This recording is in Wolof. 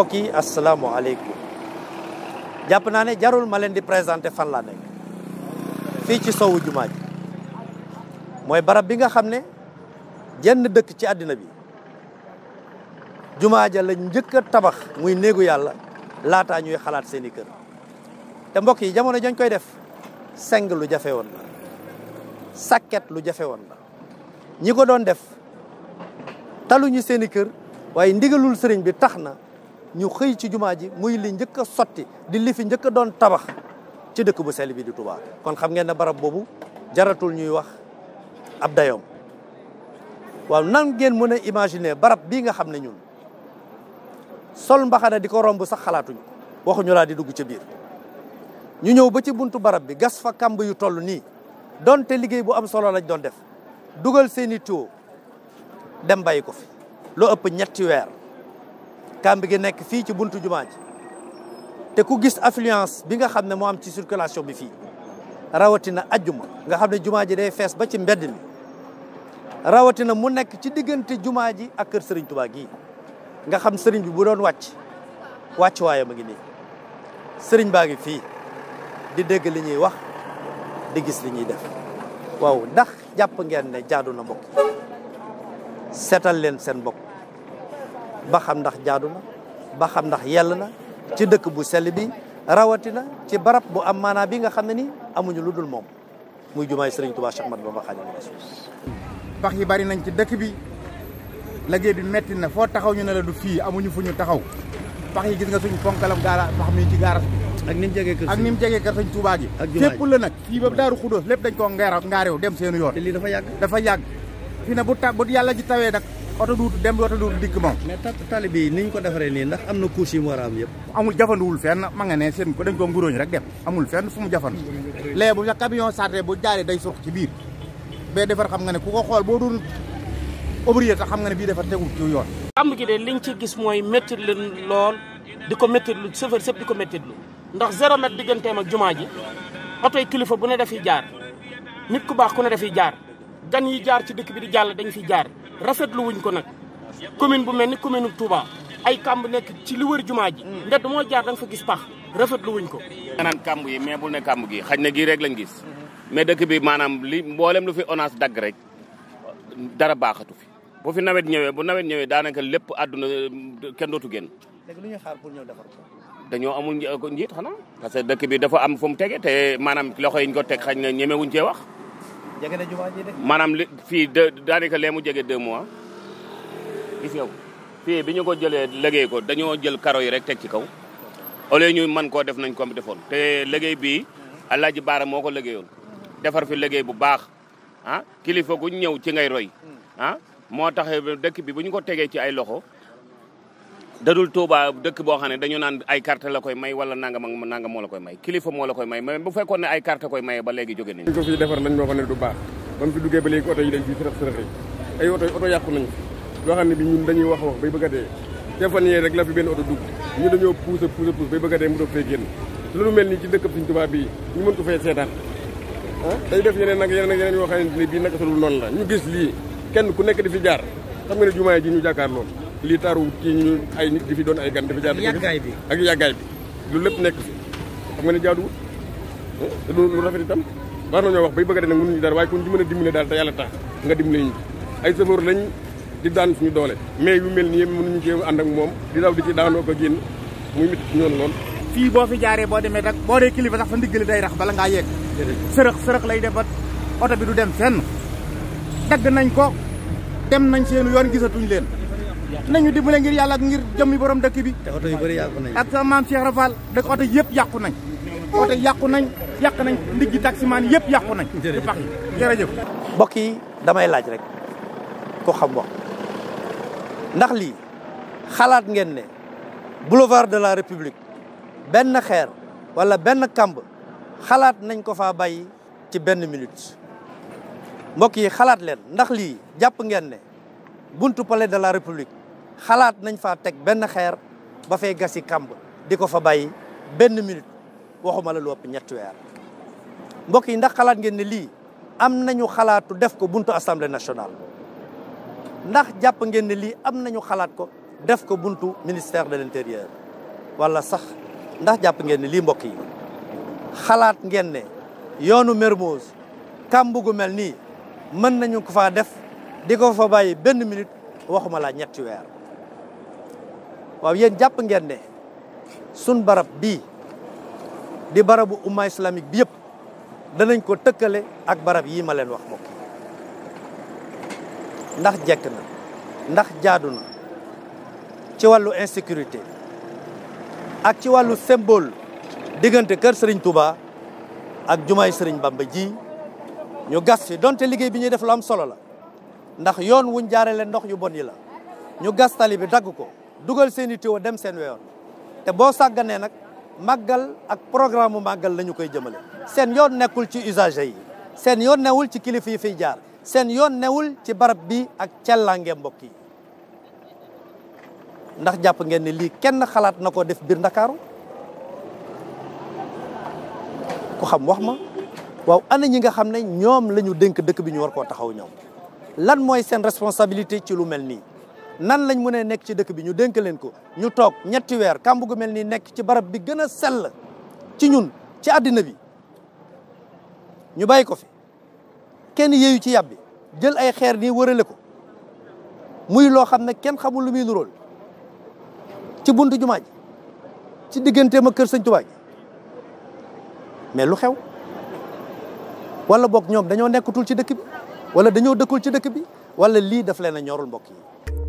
mbokk yi asalaamaaleykum jàpp naa ne jarul ma leen di présenté fan laa nekk fii ci sowu jumaa mooy barab bi nga xam ne jenn dëkk ci àddina bi jumaa ja la njëkk a tabax muy néegu yàlla laataa ñuy xalaat seen i kër te mbokk yi jamono jañ koy def seng lu jafe woon la sàkket lu jafe woon la ñi ko doon def taluñu seen i kër waaye ndigalul sëriñ bi tax na ñu xëy ci jumaa ji muy li njëkk a sotti di li fi njëkk a doon tabax ci dëkk bu sell bi di Touba kon xam ngeen ne barab boobu jaratul ñuy wax ab dayoom waaw nan ngeen mën a imaginer barab bii nga xam ne ñun sol mbaxana di ko romb sax xalaatuñu waxuñu laa di dugg ca biir ñu ñëw ba ci bunt barab bi gas fa kàmb yu toll nii donte liggéey bu am solo lañ doon def dugal seeni tuyau dem bay ko fi loo ëpp ñetti weer bi gi nekk fii ci buntu jumaa te ku gis affluence bi nga xam ne moo am ci circulation bi fii rawatina ajjuma nga xam ne jumaa ji day fees ba ci mbedd mi rawatina mu nekk ci diggante jumaa ji ak kër sëriñ Tuubaa gi nga xam sëriñ bi bu doon wàcc wàcc waayam a ngi nii sëriñ baa ngi fii di dégg li ñuy wax di gis li ñuy def waaw ndax jàpp ngeen ne jaadu na mbokk seetal leen seen mbokk ba xam ndax jaadu na ba xam ndax yell na ci dëkk bu sell bi rawatina ci barab bu am maanaa bi nga xam ne ni amuñu lu dul moom muy jumaay Serigne Touba Cheikh Ahmadou Bamba Khadimu Rasul bari nañ ci dëkk bi liggéey bi metti na foo taxaw ñu ne la du fii amuñu fu ñu taxaw pax yi gis nga suñ ponkalam gaara pax mi ci gaaras bi ak ni mu jegee kër ak ni mu jegee kër Serigne Touba gi fépp la nag fii ba Daaru Xudóos lépp dañ koo ngeer ngaareew dem seen yoon dafa yàgg dafa yàgg fi ne bu yàlla ji tawee nag autoroute dem bi autoroute dikk moom. mais tali bi ni ko defaree nii ndax am na couche yu mu war a am yëpp. amul jafanduwul fenn ma nga ne seen ko dañ ko rek dem amul fenn fu mu jafandu léegi bu sa camion sartee bu jaaree day surux ci biir bee defar xam nga ne ku ko xool boo doon ouvrier sax xam nga ne bii defar tegul ci yoon. am gi de liñ ci gis mooy métti leen lool di ko métti lu chauffeur sëpp di ko métti lu ndax zéro mètre digganteem ak jumaa ji oto yi kilifa bu ne dafiy jaar nit ku baax ku ne dafiy jaar gan yi jaar ci dëkk bi di jàll dañ fiy jaar. rafetlu wuñ ko nag commune bu mel ni commune Touba ay kamb nekk ci li wër jumaa ji mm. ndedd moo jaar fa gis pax rafetlu wuñ ko nga naan kamb yi mais bul ne kamb gi xañ na gii rek lañ gis mm-hmm. mais dëkk bi maanaam li mboolem lu fi ONAS dagg rek dara baaxatu fi bu fi nawet ñëwee bu nawet ñëwee daanaka lépp àdduna kenn dootu génn léegi lu ñuy xaar pour ñëw defar ko dañoo amul njiit xanaa parce que dëkk bi dafa am fu mu tege te maanaam loxo yi ñu ko teg xañ na ñemewuñ cee wax jege na jumaa ji maanaam fii deux daanaka lee mu jege deux mois gis nga bi ñu ko jëlee liggéey ko dañoo jël karo yi rek teg ci kaw au ñu man koo def nañ ko defoon te liggéey bi Alaaji Baara moo ko liggéeyoon defar fi liggéey bu baax ah kilifa gu ñëw ci ngay roy ah, moo tax dëkk bi bu ñu ko tegee ci ay loxo dadul Touba dëkk boo xam ne dañu naan ay carte la koy may wala nangam ak nangam moo la koy may kilifa moo la koy may mais bu fekkoon ay carte koy maye ba léegi jóge nañu ko fi defar nañ moo xam ne loo xam ne bi ñun bay bëgg a dee te fan yee rek la fi benn oto dugg ñu dañoo pousse pousse pousse bay bëgg a dee mu doog fee génn loolu mel nii ci dëkk Sëriñ Touba bii ñu mën ko fay seetaan ah day def yeneen nag yeneen yeneen yoo ne bii naka solul noonu la ñu gis lii kenn ku nekk di fi jaar xam nga ne jumaa ji ñu jàkkaar loolu lii taaru kii ñu ay nit di fi doon ay gan dafa jaar ak yàggaay bi lu lépp nekk fi xam nga ne jaaduwul eh, lu rafet itam war nañoo wax bay bëgg a dee nag mënuñu dara waaye kon ñu mën a dimbale daal te yàlla tax nga dimbale ñu ay safar lañ di daan suñu doole mais yu mel nii mënuñu cee ànd ak moom di daw di ci daanoo ko génn muy métti ci lool fii boo fi jaaree boo demee rek boo dee kilifa sax fa ndiggali day rax bala ngaa yegg sërëx sërëx lay def ba oto dem fenn dagg nañ ko dem nañ seen yoon gisatuñ leen nañu dimbale ngir yàlla ak ngir jëmmi borom dëkk bi. te oto yu bëri yàqu nañ. ak sa maam Cheikh Rafal dëkk oto yëpp yàqu nañ. oto yàqu nañ yàq nañ ndiggi taximaan yëpp yàqu nañ. jërëjëf pax yi jërëjëf. mbokk yi damay laaj rek ko xam wax ndax lii xalaat ngeen ne boulevard de la république benn xeer wala benn kamb xalaat nañ ko fa bàyyi ci benn minute mbokk yi xalaat leen ndax lii jàpp ngeen ne buntu palais de la république. xalaat nañ faa teg benn xeer ba fay gasi kamb di ko fa bàyyi benn minute waxuma la lu ëpp ñetti weer mbokk yi ndax xalaat ngeen ne lii am nañu xalaatu def ko buntu assemblée nationale ndax jàpp ngeen ne lii am nañu xalaat ko def ko buntu ministère de l'intérieur wala sax ndax jàpp ngeen ne lii mbokk yi xalaat ngeen ne yoonu Mermoz kàmb gu mel nii mën nañu ko faa def di ko fa bàyyi benn minute waxuma la ñetti weer waaw yéen jàpp ngeen ne sun barab bii di barabu umma islamique bi yëpp danañ ko tëkkale ak barab yii ma leen wax mbokk ndax jekk na ndax jaadu na ci wàllu insécurité ak ci wàllu sembol diggante kër sëriñ Touba ak jumaay Serigne Bamba ji ñu gas fi donte liggéey bi ñuy def lu am solo la ndax yoon wuñ jaarale ndox yu bon yi la ñu gas tali bi dagg ko. dugal seen i tuyau dem seen weyoon te boo sàgganee nag màggal ak programme mu màggal lañu koy jëmale seen yoon nekkul ci usager yi seen yoon newul ci kilifa yi fiy jaar seen yoon newul ci barab bi ak cellange mbokki ndax jàpp ngeen ni lii kenn xalaat na ko def biir ndakaaru ku xam wax ma waaw ana ñi nga xam ne ñoom lañu dënk dëkk bi ñu war koo taxaw ñoom lan mooy seen responsabilité ci lu mel nii nan lañ mënee nekk ci dëkk bi ñu dénk leen ko ñu toog ñetti weer kàmb gu mel nii nekk ci barab bi gën a sell ci ñun ci àddina bi ñu bàyyi ko fi kenn yeeyu ci yàbbi jël ay xeer nii wërale ko muy loo xam ne kenn xamul lu muy nuróol ci bunt jumaa ci digganteem ak kër sëñ Tuubaa ji mais lu xew wala boog ñoom dañoo nekkatul ci dëkk bi wala dañoo dëkkul ci dëkk bi wala lii daf leen a ñorul mbokk yi